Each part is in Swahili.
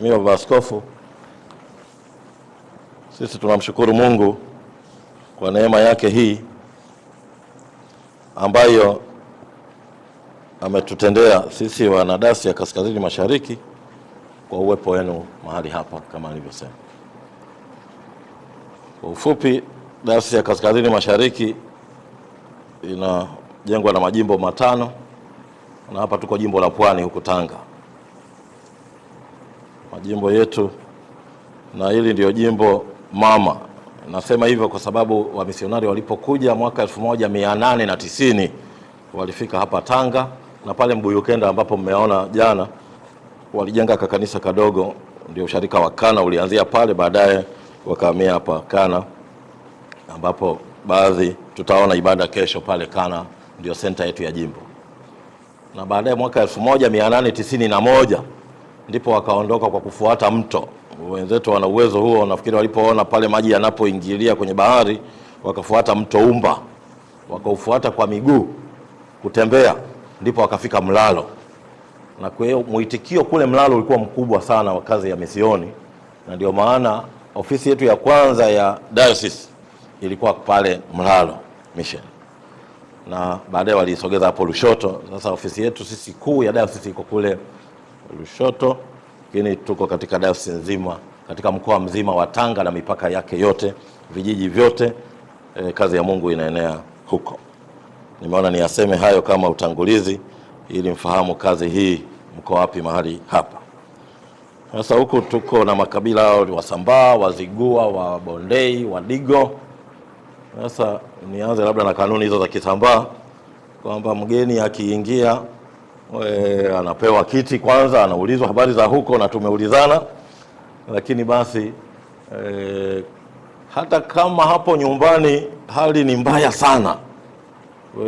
Mheshimiwa Baba Askofu, sisi tunamshukuru Mungu kwa neema yake hii ambayo ametutendea sisi wanadasi ya Kaskazini Mashariki kwa uwepo wenu mahali hapa kama alivyosema. Kwa ufupi, dasi ya Kaskazini Mashariki inajengwa na majimbo matano na hapa tuko jimbo la Pwani huku Tanga majimbo yetu, na hili ndio jimbo mama. Nasema hivyo kwa sababu wamisionari walipokuja mwaka 1890 walifika hapa Tanga na pale Mbuyukenda ambapo mmeona jana walijenga kakanisa kadogo, ndio usharika wa Kana ulianzia pale, baadaye wakahamia hapa Kana ambapo baadhi tutaona ibada kesho pale Kana, ndio senta yetu ya jimbo, na baadaye mwaka 1891 ndipo wakaondoka kwa kufuata mto. Wenzetu wana uwezo huo, nafikiri walipoona pale maji yanapoingilia kwenye bahari, wakafuata mto Umba, wakaufuata kwa miguu kutembea, ndipo wakafika Mlalo. Na kwa hiyo mwitikio kule Mlalo ulikuwa mkubwa sana wa kazi ya misioni, na ndio maana ofisi yetu ya kwanza ya diocese ilikuwa pale Mlalo mission na baadaye waliisogeza hapo Lushoto. Sasa ofisi yetu sisi kuu ya diocese iko kule Lushoto, lakini tuko katika dayosisi nzima katika mkoa mzima wa Tanga na mipaka yake yote, vijiji vyote. E, kazi ya Mungu inaenea huko. Nimeona niyaseme hayo kama utangulizi ili mfahamu kazi hii, mko wapi mahali hapa sasa. Huku tuko na makabila Wasambaa, Wazigua, Wabondei, Wadigo. Sasa nianze labda na kanuni hizo za Kisambaa kwamba mgeni akiingia e, anapewa kiti kwanza, anaulizwa habari za huko na tumeulizana, lakini basi e, hata kama hapo nyumbani hali ni mbaya sana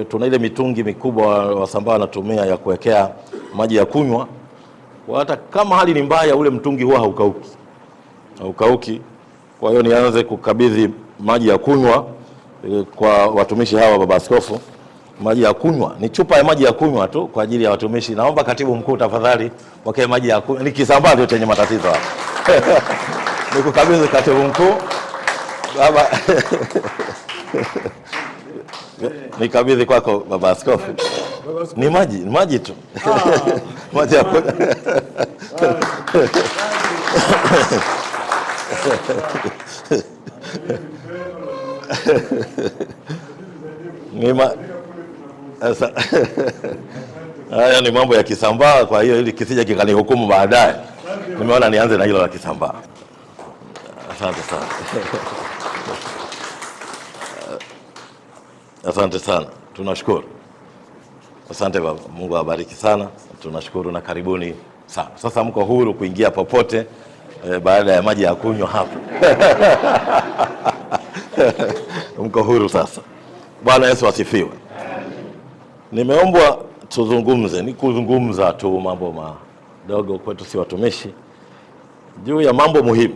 e, tuna ile mitungi mikubwa Wasambaa wanatumia ya kuwekea maji ya kunywa. Hata kama hali ni mbaya, ule mtungi huwa haukauki, haukauki. Kwa hiyo nianze kukabidhi maji ya kunywa e, kwa watumishi hawa, baba askofu maji ya kunywa, ni chupa ya maji ya kunywa tu kwa ajili ya watumishi. Naomba katibu mkuu tafadhali pokee maji ya kunywa, kisambaa ndio chenye matatizo hapa nikukabidhi katibu mkuu baba nikabidhi kwako baba askofu. Ni maji ni maji tu ah. maji ya kunywa ni haya ni mambo ya Kisambaa, kwa hiyo ili kisija kikanihukumu baadaye, nimeona nianze na hilo la Kisambaa. Asante sana, asante sana, tunashukuru. Asante baba, Mungu awabariki sana, tunashukuru na karibuni sana. Sasa mko huru kuingia popote e, baada ya maji ya kunywa hapa mko huru sasa. Bwana Yesu asifiwe. Nimeombwa tuzungumze, ni kuzungumza tu mambo madogo, kwetu si watumishi, juu ya mambo muhimu,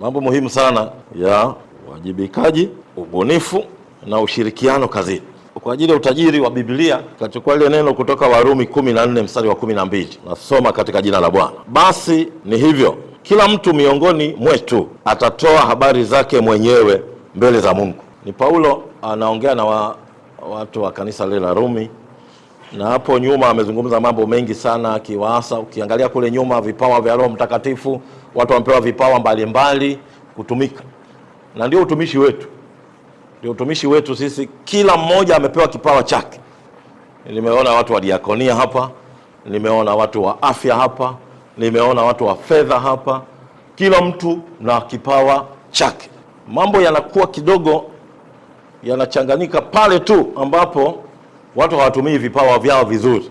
mambo muhimu sana ya uwajibikaji, ubunifu na ushirikiano kazini kwa ajili ya utajiri wa Biblia kachukua lile neno kutoka Warumi 14 mstari wa 12, nasoma katika jina la Bwana. Basi ni hivyo, kila mtu miongoni mwetu atatoa habari zake mwenyewe mbele za Mungu. Ni Paulo anaongea na wa watu wa kanisa lile la Rumi, na hapo nyuma amezungumza mambo mengi sana akiwaasa. Ukiangalia kule nyuma, vipawa vya Roho Mtakatifu, watu wamepewa vipawa mbalimbali mbali, kutumika, na ndio utumishi wetu, ndio utumishi wetu sisi. Kila mmoja amepewa kipawa chake. Nimeona watu wa diakonia hapa, nimeona watu wa afya hapa, nimeona watu wa fedha hapa, kila mtu na kipawa chake. Mambo yanakuwa kidogo yanachanganyika pale tu ambapo watu hawatumii vipawa vyao vizuri,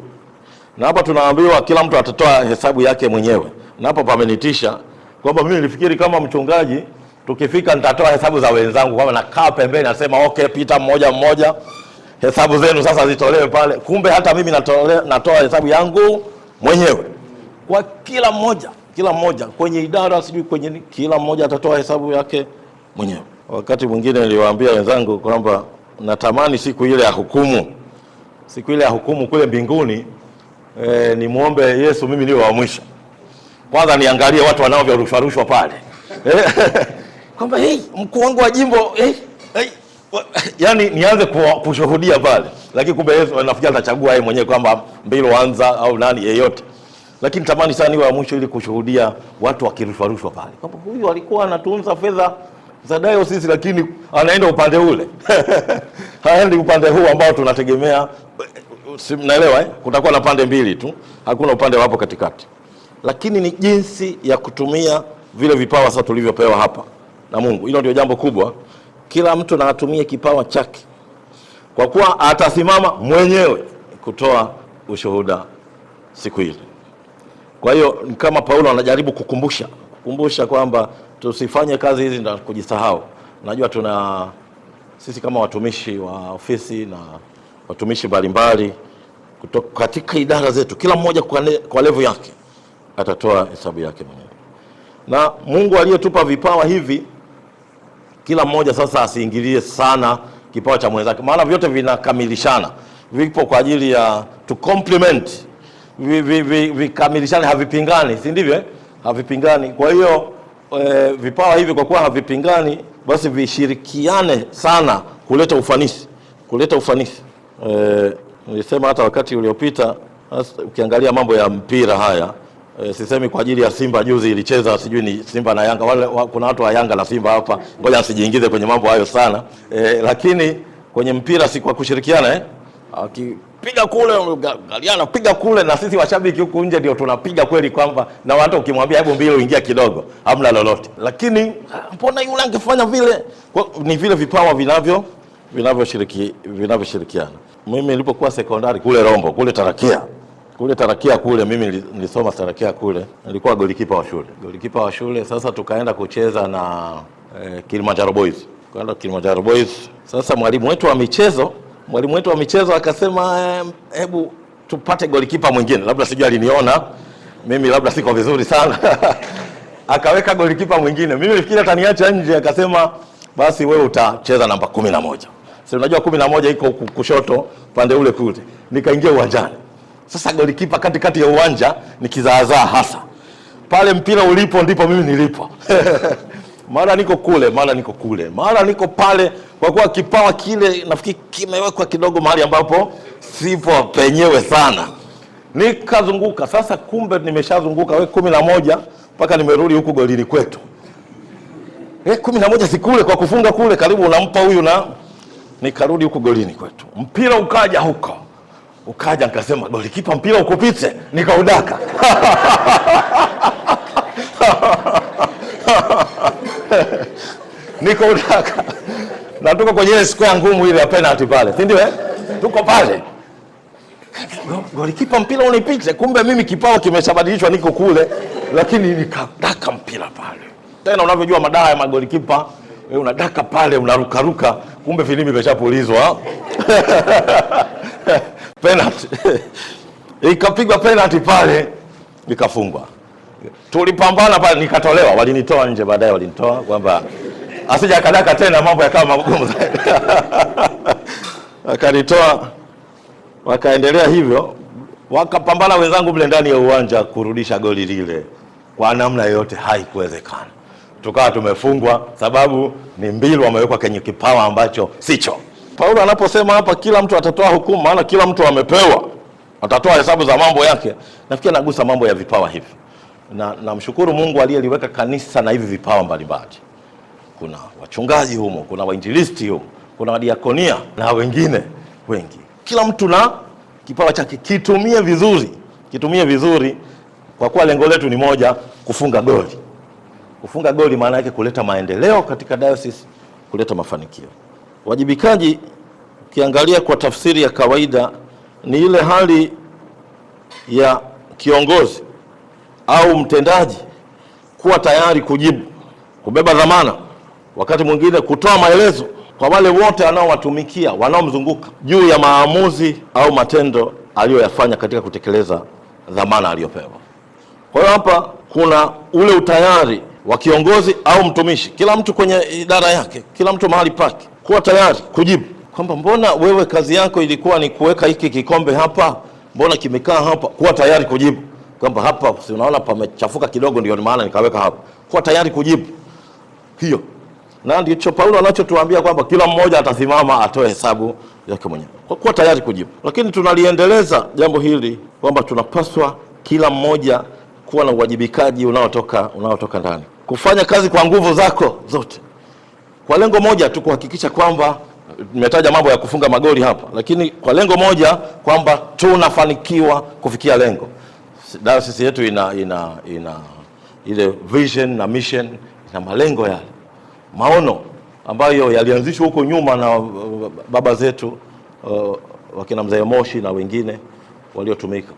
na hapa tunaambiwa kila mtu atatoa hesabu yake mwenyewe, na hapa pamenitisha kwamba mimi nilifikiri kama mchungaji tukifika nitatoa hesabu za wenzangu, kwamba nakaa pembeni nasema okay, pita mmoja mmoja, hesabu zenu sasa zitolewe pale. Kumbe hata mimi natole, natoa hesabu yangu mwenyewe kwa kila mmoja, kila mmoja kwenye idara, sijui kwenye kila mmoja atatoa hesabu yake mwenyewe. Wakati mwingine niliwaambia wenzangu kwamba natamani siku ile ya hukumu, siku ile ya hukumu kule mbinguni e, nimwombe Yesu mimi niwe wa mwisho kwanza, niangalie watu wanaovyarushwa pale kwamba hey, mkuu wangu wa jimbo hey, hey. Yani nianze kushuhudia pale, lakini kumbe Yesu anafikia atachagua yeye mwenyewe kwamba Mbilo anza au nani yeyote, lakini tamani sana niwe wa mwisho ili kushuhudia watu wakirushwarushwa pale kwamba huyu alikuwa anatunza fedha Zadayo sisi, lakini anaenda upande ule haendi upande huu ambao tunategemea. Naelewa eh? Kutakuwa na pande mbili tu, hakuna upande wapo katikati, lakini ni jinsi ya kutumia vile vipawa sasa tulivyopewa hapa na Mungu. Hilo ndio jambo kubwa, kila mtu na atumie kipawa chake, kwa kuwa atasimama mwenyewe kutoa ushuhuda siku ile. Kwa hiyo kama Paulo anajaribu kukumbusha kukumbusha kwamba tusifanye kazi hizi na kujisahau. Najua tuna sisi kama watumishi wa ofisi na watumishi mbalimbali kutoka katika idara zetu, kila mmoja kwa levu yake atatoa hesabu yake mwenyewe. Na Mungu aliyetupa vipawa hivi, kila mmoja sasa asiingilie sana kipawa cha mwenzake, maana vyote vinakamilishana, vipo kwa ajili ya to complement, vikamilishane, havipingani, si ndivyo? Eh? havipingani. Kwa hiyo e, vipawa hivi kwa kuwa havipingani, basi vishirikiane sana kuleta ufanisi, kuleta ufanisi. E, nilisema hata wakati uliopita, ukiangalia mambo ya mpira haya e, sisemi kwa ajili ya Simba juzi ilicheza sijui ni Simba na Yanga wale, wa, kuna watu wa Yanga na Simba hapa, ngoja asijiingize kwenye mambo hayo sana e, lakini kwenye mpira si kwa kushirikiana eh? piga kule, galiana piga kule, na sisi washabiki huku nje ndio tunapiga kweli, kwamba na watu ukimwambia hebu mbili uingia kidogo, hamna lolote. Lakini mbona yule angefanya vile? Kwa, ni vile vipawa vinavyo vinavyoshiriki vinavyoshirikiana. Mimi nilipokuwa sekondari kule Rombo kule Tarakia kule Tarakia kule, mimi nilisoma Tarakia kule, nilikuwa golikipa wa shule, golikipa wa shule. Sasa tukaenda kucheza na eh, Kilimanjaro Boys, tukaenda Kilimanjaro Boys. Sasa mwalimu wetu wa michezo mwalimu wetu wa michezo akasema, eh, hebu tupate golikipa mwingine, labda sijui aliniona mimi labda siko vizuri sana akaweka golikipa mwingine. Mimi nilifikiri ataniacha nje, akasema basi wewe utacheza namba kumi na moja. Si unajua kumi na moja iko kushoto pande ule kule. Nikaingia uwanjani. Sasa golikipa katikati ya uwanja nikizaazaa hasa. Pale mpira ulipo ndipo mimi nilipo mara niko kule, mara niko kule, mara niko pale, kwa kuwa kipawa kile nafikiri kimewekwa kidogo mahali ambapo sipo penyewe sana. Nikazunguka sasa, kumbe nimeshazunguka we kumi na moja mpaka nimerudi huku golini kwetu. We kumi na moja sikule kwa kufunga kule, karibu unampa huyu na nikarudi huku golini kwetu, mpira ukaja huko, ukaja nikasema, golikipa, mpira ukupite, nikaudaka niko Udaka na tuko kwenye ile square ngumu ile ya penalti pale, si ndio eh? Tuko pale golikipa mpira unipite, kumbe mimi kipawa kimeshabadilishwa, niko kule, lakini nikadaka mpira pale. Tena unavyojua madawa ya magolikipa eh, unadaka pale, unarukaruka, kumbe filimbi imeshapulizwa penalti ikapigwa penalti pale, ikafungwa tulipambana pale, nikatolewa, walinitoa nje, baadaye walinitoa kwamba asija kadaka tena, mambo yakawa magumu zaidi akanitoa wakaendelea hivyo, wakapambana wenzangu mle ndani ya uwanja kurudisha goli lile, kwa namna yoyote haikuwezekana, tukawa tumefungwa, sababu ni mbili, wamewekwa kwenye kipawa ambacho sicho. Paulo anaposema hapa kila mtu atatoa hukumu, maana kila mtu amepewa, atatoa hesabu za mambo yake, nafikiri anagusa mambo ya vipawa hivi na namshukuru Mungu aliyeliweka kanisa na hivi vipawa mbalimbali. Kuna wachungaji humo, kuna wainjilisti humo, kuna wadiakonia na wengine wengi. Kila mtu na kipawa chake, kitumie vizuri, kitumie vizuri, kwa kuwa lengo letu ni moja, kufunga goli. Kufunga goli maana yake kuleta maendeleo katika diocese, kuleta mafanikio. Wajibikaji ukiangalia kwa tafsiri ya kawaida ni ile hali ya kiongozi au mtendaji kuwa tayari kujibu, kubeba dhamana, wakati mwingine kutoa maelezo kwa wale wote wanaowatumikia, wanaomzunguka juu ya maamuzi au matendo aliyoyafanya katika kutekeleza dhamana aliyopewa. Kwa hiyo hapa kuna ule utayari wa kiongozi au mtumishi, kila mtu kwenye idara yake, kila mtu mahali pake, kuwa tayari kujibu kwamba mbona wewe kazi yako ilikuwa ni kuweka hiki kikombe hapa, mbona kimekaa hapa? Kuwa tayari kujibu kwamba hapa si unaona pamechafuka kidogo, ndio maana nikaweka hapa, kuwa tayari kujibu hiyo. Na ndicho Paulo anachotuambia kwamba kila mmoja atasimama atoe hesabu yake mwenyewe, kuwa tayari kujibu. Lakini tunaliendeleza jambo hili kwamba tunapaswa kila mmoja kuwa na uwajibikaji unaotoka unaotoka ndani, kufanya kazi kwa nguvu zako zote kwa lengo moja tu, kuhakikisha kwamba nimetaja mambo ya kufunga magoli hapa, lakini kwa lengo moja kwamba tunafanikiwa kufikia lengo. Dayosisi yetu ina, ina, ina ile vision na mission na malengo yale maono ambayo yalianzishwa huko nyuma na uh, baba zetu uh, wakina mzee Moshi na wengine waliotumika,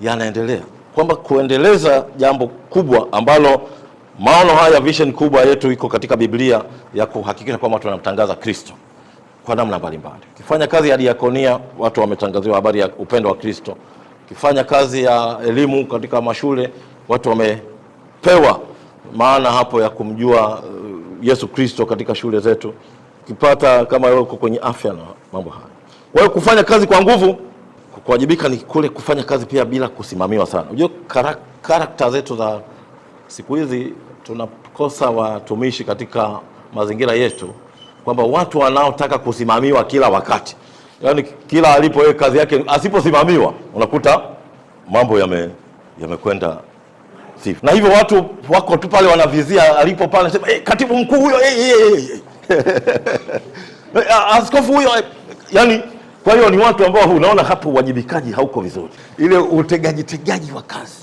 yanaendelea kwamba kuendeleza jambo kubwa ambalo maono haya, vision kubwa yetu iko katika Biblia ya kuhakikisha kwamba tunamtangaza Kristo kwa namna mbalimbali. Ukifanya kazi ya diakonia, watu wametangaziwa habari ya upendo wa Kristo kifanya kazi ya elimu katika mashule, watu wamepewa maana hapo ya kumjua uh, Yesu Kristo katika shule zetu, kipata kama uko kwenye afya na mambo haya. Kwa hiyo kufanya kazi kwa nguvu, kuwajibika ni kule kufanya kazi pia bila kusimamiwa sana. Unajua karakta zetu za siku hizi tunakosa watumishi katika mazingira yetu, kwamba watu wanaotaka kusimamiwa kila wakati yani kila alipo yeye eh, kazi yake, asiposimamiwa unakuta mambo yamekwenda sivyo. Na hivyo watu wako tu pale wanavizia alipo pale, nasema hey, eh, katibu mkuu huyo hey, hey, hey. askofu huyo eh, yani. Kwa hiyo ni watu ambao unaona hapo uwajibikaji hauko vizuri, ile utegaji tegaji wa kazi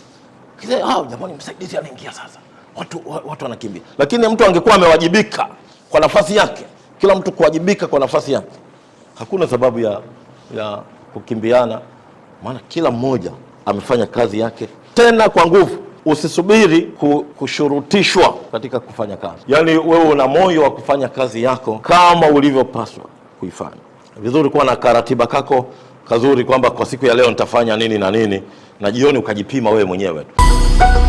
ah, jamani, msaidizi anaingia sasa, watu watu wanakimbia. Lakini mtu angekuwa amewajibika kwa nafasi yake, kila mtu kuwajibika kwa nafasi yake hakuna sababu ya, ya kukimbiana, maana kila mmoja amefanya kazi yake tena kwa nguvu. Usisubiri kushurutishwa katika kufanya kazi, yaani wewe una moyo wa kufanya kazi yako kama ulivyopaswa kuifanya vizuri. Kuwa na karatiba kako kazuri, kwamba kwa siku ya leo nitafanya nini na nini, na jioni ukajipima wewe mwenyewe tu.